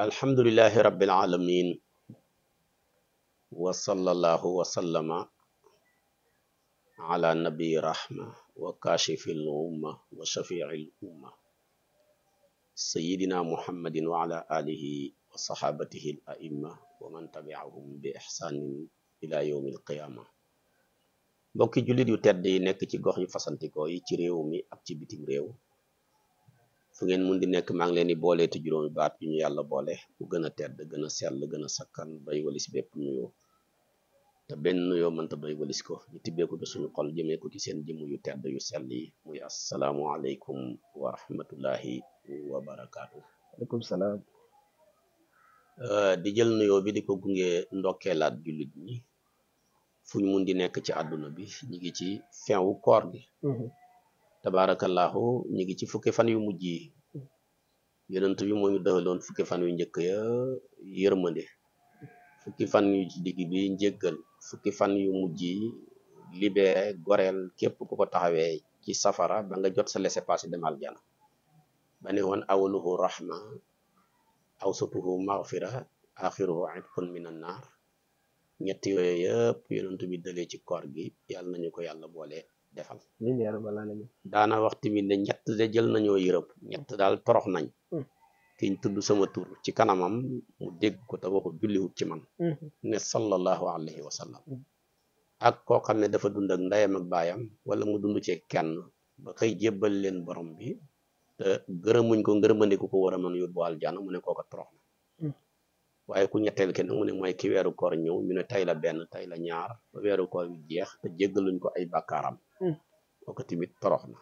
الحمد لله رب العالمين وصلى الله وسلم على نبي رحمة وكاشف الأمة وشفيع الأمة سيدنا محمد وعلى آله وصحابته الأئمة ومن تبعهم بإحسان إلى يوم القيامة بوكي جولي ديو تردي نكتي غوخي فسنتي كوي yu fasantikoo yi ci réew fu ngeen mun di nekk maa ngi leen di boolee te juróomi baat yu ñu yàlla boolee bu gën a tedd gën a sell gën a sakkan bay walis bépp nuyoo te benn nuyoo mënta bay walis ko ñu tibbeeku ko suñu xol jëmee ko ci seen jëmm yu tedd yu sell yi muy asalaamu aleykum wa rahmatullahi wa barakaatu. waaleykum salaam. Euh, di jël nuyoo bi di ko gunge laat jullit ñi fu ñu mun di nekk ci àdduna bi ñu ngi ci fin koor gi. Mm-hmm. tabaarakallaahu ñu ngi ci fukki fan yu mujj yi yonent bi moo ñu doxaloon fukki fan yu njëkk ya yërmande fukki fan yu digg bi njëggal fukki fan yu mujj yi libéré goreel képp ku ko taxawee ci safara ba nga jot sa laissez-passer dem aljana ba ne woon awaluhu rahma awsatuhu maghfira axiruhu itqun minan naar ñett yooyu yëpp yonent bi dalee ci koor gi yàlla nañu ko yàlla boole defal daana wax tamit ne ñett de jël nañoo yërëb ñett daal torox nañ hmm. kiñ tudd sama tur ci kanamam mu dégg ko te waxu julliwut ci man hmm. ne sallallahu alayhi wa hmm. ak koo xam ne dafa dund ak ndeyam ak baayam wala mu dund cee kenn ba xëy jébbal leen borom bi te gërëmuñ ko ngërëmandiku ko war a mën yóbbu aljana mu ne kooka torox na waaye ku ñetteel kenn mu ne mooy ki weeru koor ñëw ñu ne tey la benn tey la ñaar ba weeru koor yu jeex te jéggaluñ ko ay bàkkaaram Hmm. kooku tamit torox na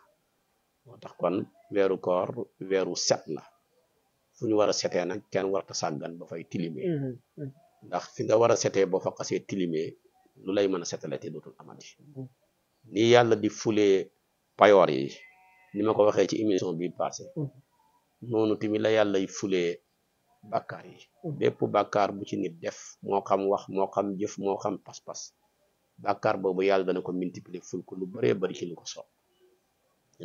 moo tax kon weeru koor weeru set la fu ñu war a setee nag kenn warta sàggan ba fay tilimee hmm, hmm, ndax fi nga war a setee boo fa xasee tilimee lu lay mën a setale te dootul amati ni yàlla di fulee payoor yi ni ma ko waxee ci émission bi passé noonu tamit la yàllay fulee bàkkaar yi bépp bàkkaar bu ci nit def moo xam wax moo xam jëf moo xam pas-pas bàkkaar boobu yàlla dana ko multiplier ful ko lu baree bari ci li ko sopp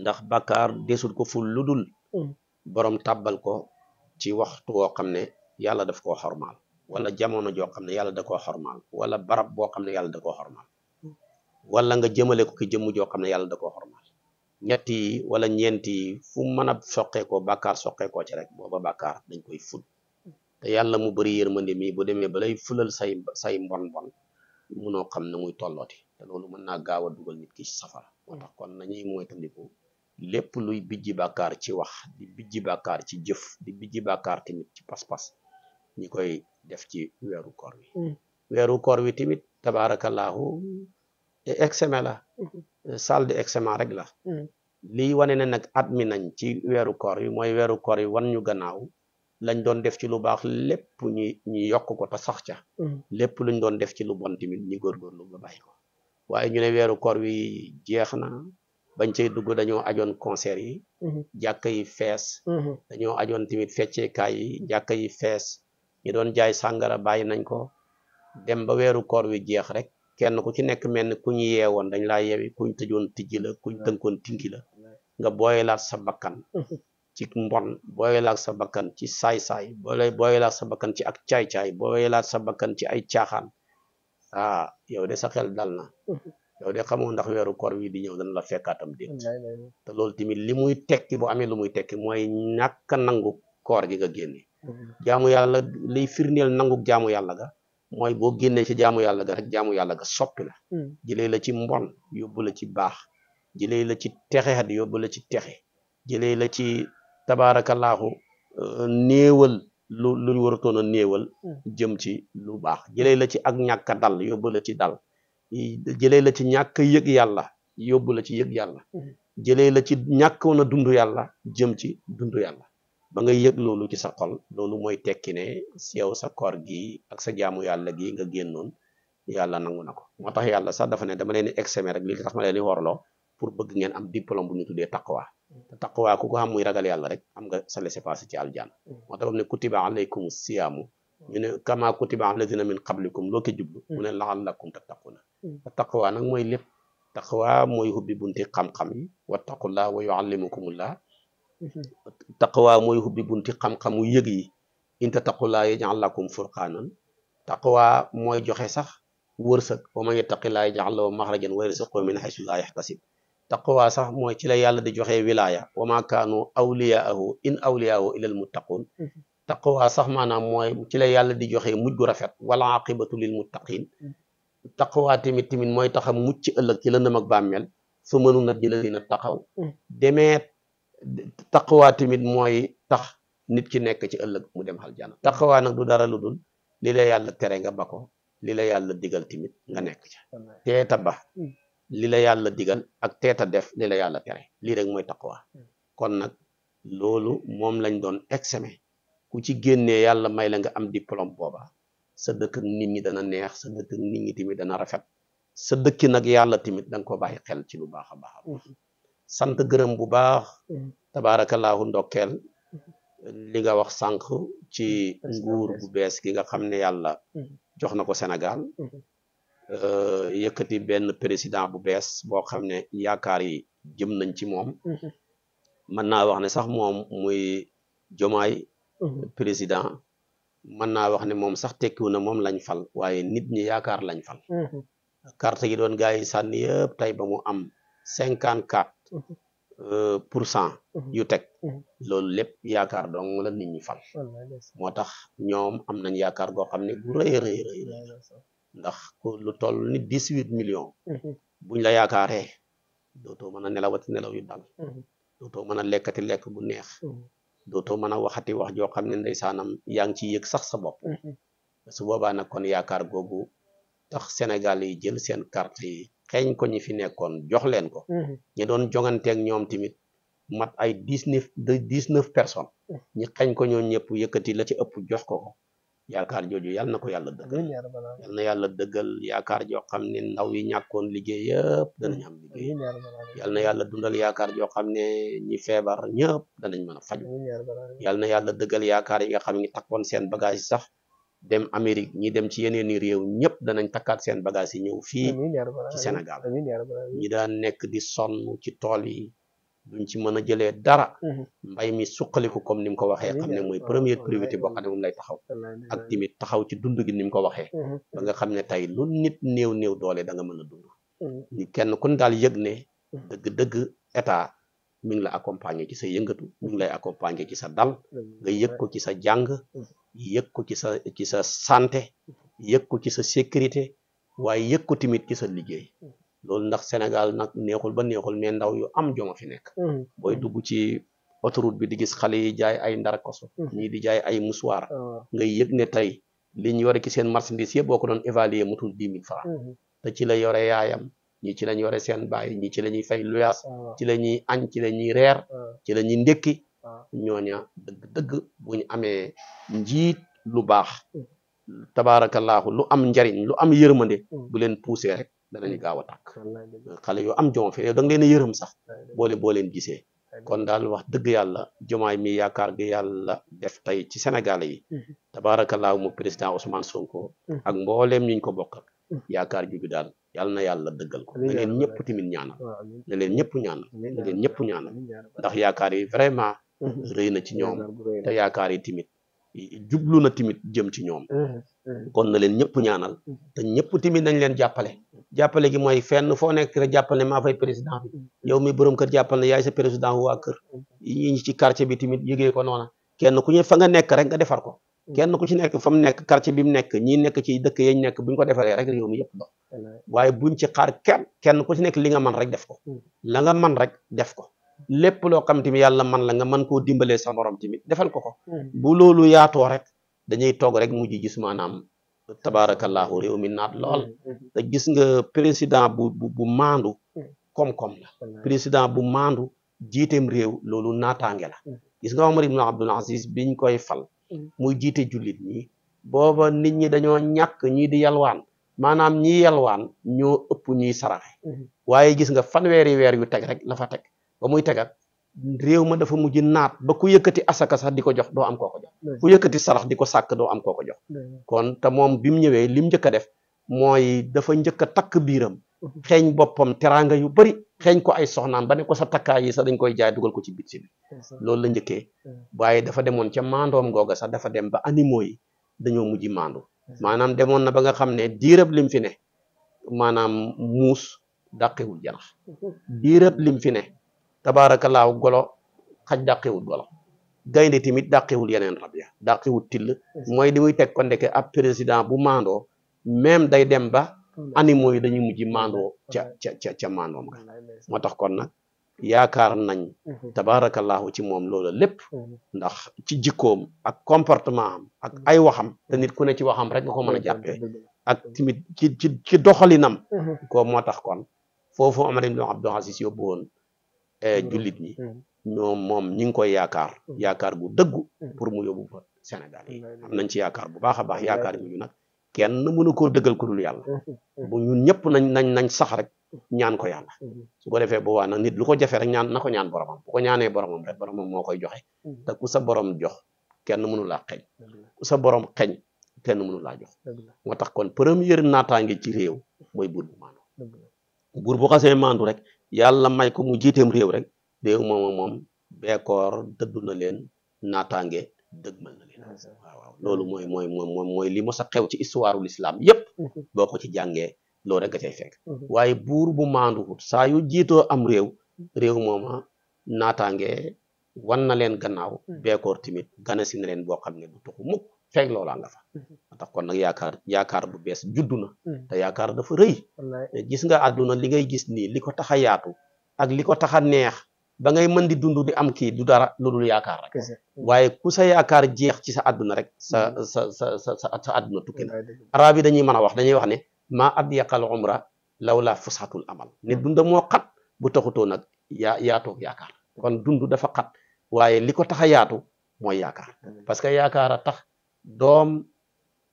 ndax bàkkaar desul ko ful lu dul mm. borom tàbbal ko ci waxtu woo xam ne yàlla daf koo xormaal wala mm. jamono joo xam ne yàlla da koo xormaal wala barab boo xam ne yàlla da koo xormaal mm. wala nga jëmale ko jëmm joo xam ne yàlla da koo ñetti wala ñeenti fu mën a soqeekoo bàkkaar soqeekoo ci rek booba bàkkaar dañ koy ful te yàlla mu bëri yërmande mi bu demee balay fulal say say mbon mbon mënoo xam ne muy tollooti loolu mën naa gaaw nit ki safara moo tax kon nañuy moytandiku lépp luy bijji bàkkaar ci wax di bijji bàkkaar ci jëf di bijji bàkkaar tamit ci pas-pas ñi koy def ci weeru koor wi mm-hmm. weeru koor wi tamit tabaarakallaahu examen la mm-hmm. salle de examen rek la mm-hmm. lii wane ne nag at mi nañ ci weeru kor yi mooy weeru kor yi wan ñu gannaaw lañ doon def ci lu baax lépp ñi ñi yokk ko te sax ca mm. lépp luñ doon def ci lu bon tamit ñi góorgóorlu ba bàyyi ko waaye ñu ne weeru koor wi jeex na bañ cay dugg dañoo ajoon concert yi mm-hmm. jàkka yi fees mm-hmm. dañoo ajoon tamit fecceekaay yi jàkka yi fees ñi doon jaay sàngara bàyyi nañ ko dem ba weeru koor wi jeex rek kenn ku ci nekk mel ni ku ñu yeewoon dañ laa yewi kuñ tëjoon tijji la kuñ tënkoon tinki la nga booyelaat sa bakkan mm-hmm. ci mbon booyelaak sa bakkan ci saay-saay boole booyelaak sa bakkan ci ak caay-caay booyelaak sa bakkan ci ay caaxaan ah yow de sa xel dal na yow de xamoo ndax weeru koor wi di ñëw dana la fekkaatam déet te loolu tamit li muy tekki boo amee lu muy tekki mooy ñàkk nangu koor gi nga génne mm-hmm. jaamu yàlla liy firndeel nangu jaamu yàlla ga mooy boo génnee ci jaamu yàlla ga rek jaamu yàlla ga soppi la mm. jëlee la ci mbon yóbbu la ci baax jëlee la ci texeat yóbbu la ci texe tabaarakallaahu euh, néewal lu luñ waratoon a néewal hmm. jëm ci lu baax jëlee la ci ak ñàkk dal yóbbu ci dal jëlee la ci ñàkk yëg yàlla yóbbu la ci yëg yàlla hmm. jëlee la ci ñàkkoon a dundu yàlla jëm ci dund yàlla ba nga yëg loolu ci sa xol loolu mooy tekki ne yow sa koor gi ak sa jaamu yàlla gi nga génnoon yàlla nangu na ko moo tax yàlla sax dafa ne dama leen di excemer rek li tax ma leen di worloo pour bëgg ngeen am diplôme bu ñu tuddee taqwa mm. te ku ko xam muy ragal yàlla rek am nga sa laissez-passer ci aljaan mm. moo tax ne kutiba alaykum siyaamu mm. ñu ne kama kutiba alladina min qablikum loo ko jublu mu ne laallakum tattaquna te taqwa nag mooy lépp taqwa mooy hubbi bunti xam-xam yi wattaqullah wa yuallimukumullah mm-hmm. taqwa mooy hubbi bunti xam-xamu yëg yi in tattaqullah yaj'al lakum furqaanan taqwa mooy joxe sax wërsëg wa man yattaqillah yaj'al lahu maxrajan wa yarzuqhu min haysu la yahtasib taqwa sax mooy ci la yàlla di joxe wilaaya wa ma kaanu awliyaahu in awliyaahu ilal muttaqun mm-hmm. taqwa sax maanaam mooy ci la yàlla di joxe mujj gu rafet wala aqibatu lil muttaqin mm-hmm. taqwa tamit tamit mooy tax a mucc ëllëg ci lëndëm ak bàmmeel su mënu nat ji la dina taxaw mm-hmm. demee taqwa tamit mooy tax nit ki nekk ci ëllëg mu dem aljana taqwa nag du dara lu dul li la yàlla tere nga ba ko li la yàlla digal tamit nga nekk ca tee tabax li la yàlla diggal ak teeta def li la yàlla tere lii rek mooy taqwa kon nag loolu moom lañ doon examen ku ci génne yàlla may la nga am diplôme booba sa dëkk nit ñi dana neex sa dëkk nit ñi tamit dana rafet sa dëkki nag yàlla tamit da nga ko bàyyi xel ci lu baax a baax mm-hmm. sant gërëm bu baax mm-hmm. tabaarakallaahu ndokkeel mm-hmm. li nga wax sànq ci nguur bu bees gi nga xam ne yàlla jox na ko senegal Euh, yëkkati benn président bu bees boo xam ne yaakaar yi jëm nañ ci moom mhm. mën naa wax ne sax moom muy jomaay mhm. président mën naa wax ne moom sax tekkiwu na moom lañ fal waaye nit ñi yaakaar lañ fal mhm. carte gi doon gars yi sànni yëpp tey ba mu am cinquante quatre euh, pour cent yu teg loolu lépp yaakaar dong la nit ñi fal moo tax ñoom am nañ yaakaar goo xam ne gu rëy rëy rëy ndax lu toll ni dix huit millions mhm. buñ la yaakaaree dootoo mën a nelawati nelaw yu dal mhm. dootoo mën a lekkati lekk bu neex mhm. dootoo mën a waxati wax joo xam ne ndeysaanam yaa ngi ciy yëg sax sa bopp su boobaa nag kon yaakaar googu tax Sénégal yi jël seen carte yi xeeñ ko ñi fi nekkoon jox leen ko ñi doon jonganteeg ñoom tamit mat ay dix neuf dix neuf personnes ñi xeeñ ko ñoo ñëpp yëkkati la ci ëpp jox ko ko yaakaar jooju yal na ko yàlla dëggal yal na yàlla dëggal yaakaar joo xam ne ndaw yi ñàkkoon liggéey yëpp danañ am liggéey yal na yàlla dundal yaakaar joo xam ne ñi feebar ñëpp danañ mën a faju yal na yàlla dëggal yaakaar yi nga xam ne takkoon seen bagage sax dem Amérique ñi dem ci yeneen i réew ñëpp danañ takkaat seen bagage yi ñëw fii ci Sénégal ñi daan nekk di sonn ci tool yi duñ ci mën a jëlee dara mhm. mbay mi suqaliku comme ni mu ko waxee xam ne mooy première priorité boo xam ne moom lay ak tamit taxaw ci dund gi ni mu ko waxee mhm. ba nga xam ne tey lu nit néew néew doole danga nga mën a dund ñu mhm. kenn kun daal yëg ne dëgg-dëgg état mi ngi la accompagner ci sa yëngatu mi ngi lay accompagner ci sa dal nga yëg ko ci sa jàng yëg ko ci sa ci sa santé yëg ko ci sa sécurité waaye yëg ko tamit ci sa liggéey loolu ndax Sénégal nag neexul ba neexul mais ndaw yu am joma fi nekk mm-hmm. booy dugg ci autoroute bi di gis xale yi jaay ay ndarkoso mm-hmm. ñii di jaay ay musuwaar ah, ngay yëg ne tey li ñu yore ci seen marchandise yëpp boo ko doon évaluer mutul dix mille francs mm-hmm. te ci la yore yaayam ñii ci lañ yore seen baay ñii ci la ñuy fay luyaas ah, ci la ñuy añ ci la ñuy reer ah. ci la ñuy ndékki ñooña dëgg-dëgg bu ñu amee njiit lu baax tabaarakallaahu lu am njariñ lu am yërmande bu leen poussé danañu gaaw a tàkk xale yu am jom fi da nga leen a yërëm sax boole boo leen gisee kon daal wax dëgg yàlla jomaay mi yaakaar gi yàlla def tey ci Sénégal yi mhm. tabaarakallaahu mu président Ousmane Sonko mhm. ak mbooleem ñu ñu ko bokkal mhm. yaakaar juju daal yal na yàlla dëggal ko na leen ñëpp tamit ñaanal na leen ñëpp ñaanal na leen ñëpp ñaanal ndax yaakaar yi vraiment rëy na ci ñoom te yaakaar yi tamit jublu na tamit jëm ci ñoom kon na leen ñëpp ñaanal te ñëpp tamit nañ leen jàppale jàppale gi mooy fenn foo nekk rek jàppal ne maa fay président bi mm-hmm. yow mi borom kër jàppal ne yaay sa président waa kër mm-hmm. yi ñi ci quartier bi tamit yëgee ko noona kenn ku ñu fa nga nekk rek nga defar ko mm-hmm. kenn ku ci nekk bi mu nekk ñi nekk ci dëkk nekk bu ñu ko defaree rek réew mi yëpp dox waaye buñ kenn ku ci nekk li nga man rek def ko la nga man rek def ko lépp loo xam tamit yàlla man la nga man koo dimbalee sa borom tamit defal ko ko bu loolu yaatoo rek dañuy toog rek mujj gis maanaam tabaarakallaahu réew mi lool mm, mm, mm. te gis nga président bu bu bu maandu président bu maandu jiiteem réew loolu naataange la gis nga Omar ibn Abdul biñ koy fal muy jiite jullit ñi booba nit ñi dañoo ñàkk ñii di yalwaan maanaam ñi yalwaan ñoo ëpp ñuy saraxe mm-hmm. waaye gis nga fanweeri weer yu teg rek la fa teg ba muy tegat réew ma dafa mujj naat ba ku yëkkati asaka sax di ko jox doo am koo ko jox ku yëkkati sarax di ko sàkk doo am koo ko kon te moom bi mu ñëwee lim njëkk a def mooy dafa njëkk a takk biiram xeeñ boppam teraanga yu bari xeeñ ko ay soxnaam ba ne ko sa takkaay yi sax dañ koy jaay dugal ko ci bitsi bi loolu la njëkkee waaye dafa demoon ca maandoom googa sax dafa dem ba animaux yi dañoo mujj maandu maanaam demoon na ba nga xam ne diirab lim fi ne maanaam muus dàqewul janax diirab lim fi ne tabaarakallaahu golo xaj dàqewul golo gaynde tamit dàqewul yeneen rab ya till mooy di muy teg ko ndeke ab président bu maandoo même day dem ba animaux yi dañuy mujj maandoo ca ca ca ca maandoom ga moo tax kon na yaakaar nañ tabaarakallaahu ci moom loola lépp ndax ci jikkoom ak comportement am ak ay waxam te nit ku ne ci waxam rek nga ko mën a jàppee ak tamit ci ci ci doxalinam uhuh. ko moo tax kon foofu Omar ibn Abdul Aziz yóbbu Eh, mm-hmm. jullit ñi mm-hmm. ñoom moom ñi ngi koy yaakaar mm-hmm. yaakaar gu dëggu pour mu yóbbu fa Sénégal yi am nañ ci yaakaar bu baax a baax yaakaar ñu nag kenn mënu koo dëggal ku dul yàlla bu ñun ñëpp nañ nañ nañ sax rek ñaan ko yàlla su boo ko defee waa nag nit lu ko jafe rek ñaan na ko ñaan boromam bu ko ñaanee boromam rek boromam moo koy joxe te ku sa borom jox kenn mënu laa xeñ ku sa borom xeñ kenn mënu laa jox moo tax kon première ngi ci réew mooy buur bu maandu buur bu xasee maandu rek yàlla may ko mu jiiteem réew rek réew moom ak moom beekoor dëddu na leen naataange dëgmal na leen loolu mooy mooy mooy li mos a xew ci histoire ul islam yépp mhm. boo ko ci jàngee loolu rek nga cay fekk mhm. waaye buur bu maanduwut saa yu jiitoo am réew réew mooma naataange wan na len gannaaw hmm. beekoor timit gana si len bo xamne du tuxu mukk fek lola nga fa hmm. Hmm. tax kon nak yaakar yaakar bu bes judd ta yaakar yaakaar dafa reuy gis nga aduna li ngay gis ni liko ko yaatu ak liko taxa neex ba ngay mën di dundu di am ki du dara lu yaakar rek waye ku sa yaakar jeex ci sa aduna rek sa sa sa sa sa àdduna tukki na dañuy mëna wax dañuy wax ne ma ad yaqal umra lawla fushatul amal ne dundu mo xat bu nak ya ya tok yaakar kon dundu dafa xat waye liko taxa yaatu moy yaakar parce que yaakar tax dom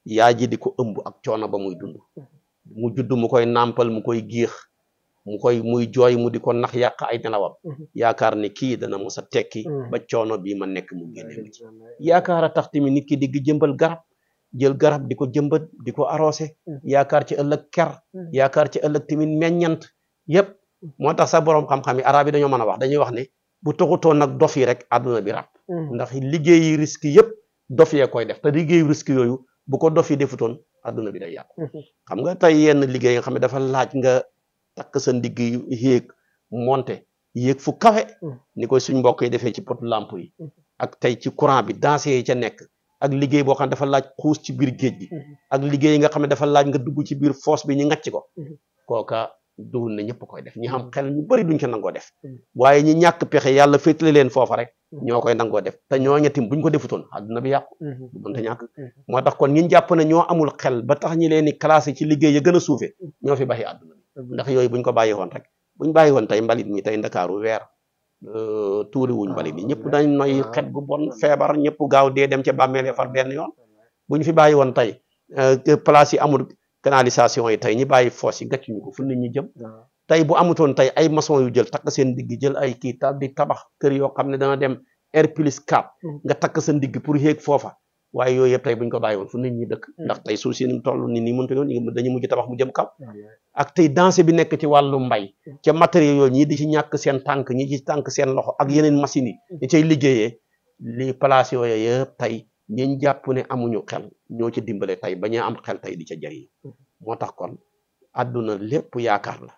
yaaji diko di ak coono ba muy dund mu judd mu koy nampal mu koy giix mu koy muy joy mu di nax yaq ay nelawam yaakar ni ki dana mos tekki ba coono bi ma nek mu ci tax timi nit ki di jembal garab jël garab di jembat diko di yaakar ci ker yakar ci ëllëg timin meññant yep motax sa kam xam-xam yi arab yi wax dañuy wax ni bu taxutoon nag dof yi rek àdduna bi rab mm-hmm. ndax liggéeyi risque yëpp dof yee koy def te liggéeyu risque yooyu bu ko dof yi defutoon àdduna bi day yàqu mm-hmm. xam nga tey yenn liggéey nga xam ne dafa laaj nga takk sa ndigg yéeg monte yéeg fu kawe mm-hmm. ni koy suñ mbokk defee ci pot lamp yi ak tey ci courant bi danse yi ca nekk ak liggéey boo xam ne dafa laaj xuus ci biir géej gi ak liggéey yi nga xam ne dafa laaj nga dugg ci biir fosse bi ñu ngacc ko kooka duwul ne ñëpp koy def ñi xam mm. xel ñu bari duñ ko nangoo def mm. waaye ñi ñàkk pexe yàlla féetale leen foofa rek mm. ñoo koy nangoo def te ñoo ñettim buñ ko defutoon àdduna bi yàqu mm-hmm. du mënta ñàkk mm-hmm. Mm-hmm. moo tax kon ñi jàpp ne ñoo amul xel ba tax ñi leen di classé ci liggéey ya gën a suufe ñoo fi baxi ndax yooyu buñ ko bàyyi woon rek buñ bàyyi woon tey balit mi tey ndakaaru weer euh, tuuri wuñ mbalit yi ñëpp dañ noy ah, xet gu bon feebar ñëpp gaaw dee dem ca bàmmeele far benn yoon buñ fi bàyyi woon tey euh, place yi amul canalisation yi tey ñi bàyyi fosse yi gàccuñu ko fu nit ñi jëm tey bu amutoon tey ay maçon yu jël takk seen digg jël ay kii ta tabax kër yoo xam ne dana dem R plus 4 mm-hmm. nga takk seen digg pour yéeg foofa waaye yooyu yëpp tey buñ ko bàyyi woon fu nit ñi dëkk mm-hmm. ndax tey suuf si ni toll ni nii mënta yoon dañu mujj tabax mu jëm kaw ak tey dansé bi nekk ci wàllu mbay mm-hmm. ca matériel yooyu ñii di ci ñàkk seen tànk ñi ci tànk seen loxo ak yeneen machines yi ñi cay li lii place yooyu yëpp tey ñiñ jàpp ne amuñu xel ñoo ci dimbale tey ba ñu am xel tey di ca jariñ mm-hmm. moo tax kon àdduna lépp yaakaar la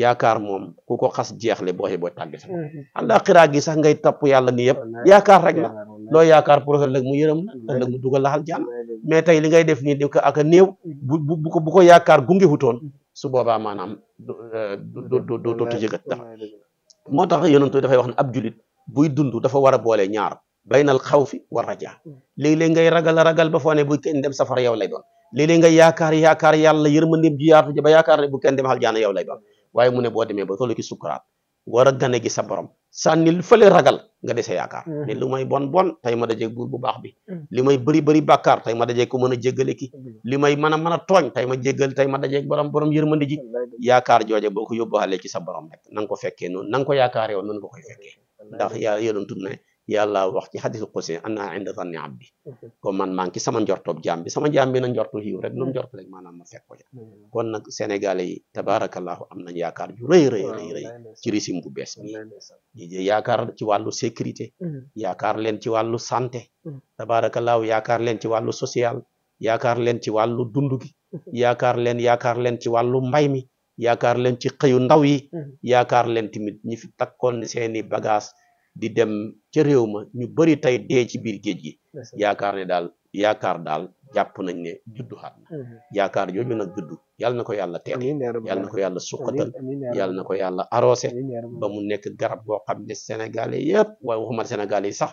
yaakaar moom ku ko xas jeexle boo xee booy tàgge sax mm-hmm. àllaaxiraa gi sax ngay tapp yàlla nii yëpp yaakaar rek la loo yaakaar pour ëllëg mu yërëm la ëllëg mu dugal laxal jàmm mais tey li ngay def nii di ko ak a néew bu ko bu ko yaakaar gunge wutoon mm-hmm. su boobaa maanaam du euh, du dootu yëgat dara moo tax yonentu dafay wax ne ab julit buy dund dafa war a boole ñaar baynal xawfi wa raja mm. léeg-léeg ngay ragal ragal ba foo ne bu kenn dem safara yow lay doon léeg nga yaakaar yaakaar yàlla yërmandeem ji yaatu ji ba yaakaar ne bu kenn dem aljaana yow lay doon waaye mu ne boo demee ba tollu ci sukkuraat war a gane gi sa borom sànnil fële ragal nga dese yaakaar mm-hmm. ne lu may bon bon tey ma dajeeg buur bu baax bi mm. li may bëri bëri bàkkaar tey ma dajeeg ko mën a jéggale ki mm-hmm. li may mën a mën a tooñ tey ma jéggal tey ma dajeeg borom borom yërmande ji yaakaar jooje boo ko yóbbuwalee ci sa borom rek na ko fekkee noonu na nga ko yaakaaree woon noonu nga koy fekkee ndax yaa yonentu yàlla wax ci xadisul xussi ana inda zanni abdi comme mhm. man maa ngi sama njortoob jaam bi sama jaam bi na njortu yiw rek nu mu mhm. njort rek maanaam ma fekk ko ja mhm. kon nag sénégalais yi tabarakallahu am nañ yaakaar ju rëy rëy rëy ci régime bu bees bi yaakaar ci wàllu sécurité yaakaar leen ci wàllu santé tabarakallahu yaakaar leen ci wàllu social yaakaar len ci wàllu dund gi yaakaar leen yaakaar leen ci wàllu mbay mi yaakaar leen ci xëyu ndaw yi yaakaar leen tamit ñi fi takkoon seeni bagage di dem ca réew ma ñu bëri tey dee ci biir géej gi yaakaar ne daal yaakaar daal jàpp nañ ne juddu xaat mm-hmm. yaakaar jooju nag juddu yàlla na ko yàlla teete yàlla na ko yàlla suqatal yàlla na ko yàlla arrosé ba mu nekk garab boo xam ne sénégalais yëpp waaye waxuma sénégalais yi sax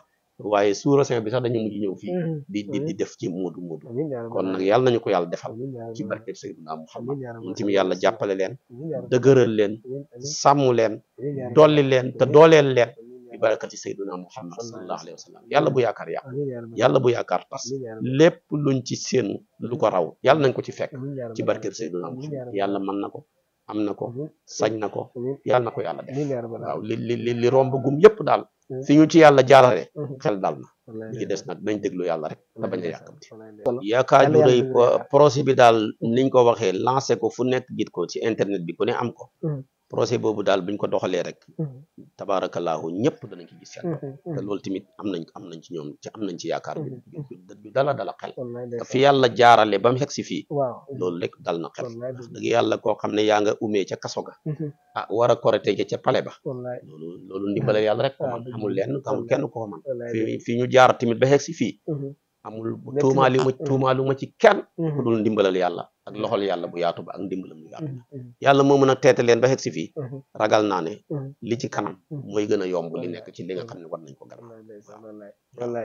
waaye sous bi sax dañu mujj ñëw fii mm-hmm. di di mm-hmm. def ci moodu moodu kon nag yàlla nañu ko yàlla defal ci barkeb Seydina Muhammad mun tamit yàlla jàppale leen dëgëral leen sàmm leen dolli leen te dooleel leen barakati sayyiduna muhammad sallallahu wa sallam yàlla bu yaakaar yàq yàlla bu yaakaar tas lépp luñ ci seen lu ko raw yàlla nañ ko ci fekk ci barkeel sayyiduna muhammad yàlla mën na ko am na ko sañ na ko yàlla na ko yàlla def waaw romb gum yépp daal fi ñu ci yàlla jaarale xel daal na li des nag nañ déglu yàlla rek te bañ a yàkkamti yaakaar ju rëy projet bi daal niñ ko waxee lancé ko fu nekk git ko ci internet bi ku ne am ko projet boobu daal buñ ko doxalee rek mmh. tabaarakallaahu ñëpp danañ ci gis seen bopp mmh, mmh. te loolu tamit am nañ am nañ ci ñoom ci am nañ ci yaakaar bi bi dala dala xel te fi yàlla jaarale ba mu xeg si fii waaw loolu rek dal na xel ndax dëgg yàlla koo xam ne yaa nga umee ca kaso ga ah war a korete ja ca pale ba loolu ndimbale yàlla rek ko man ah, amul lenn amul kenn ko man fi ñu jaar tamit ba xeg si amul tuumaalu ma tuumaalu ma ci kenn mm-hmm. ku dul ndimbalal yàlla ak mm-hmm. loxol yàlla bu yaatu ba ak ndimbalam bu yaatu mm-hmm. yàlla moo mën a ba xeg si fii ragal naa ne li ci kanam mooy gën a yomb li nekk ci li nga xam ne war nañ ko gannaaw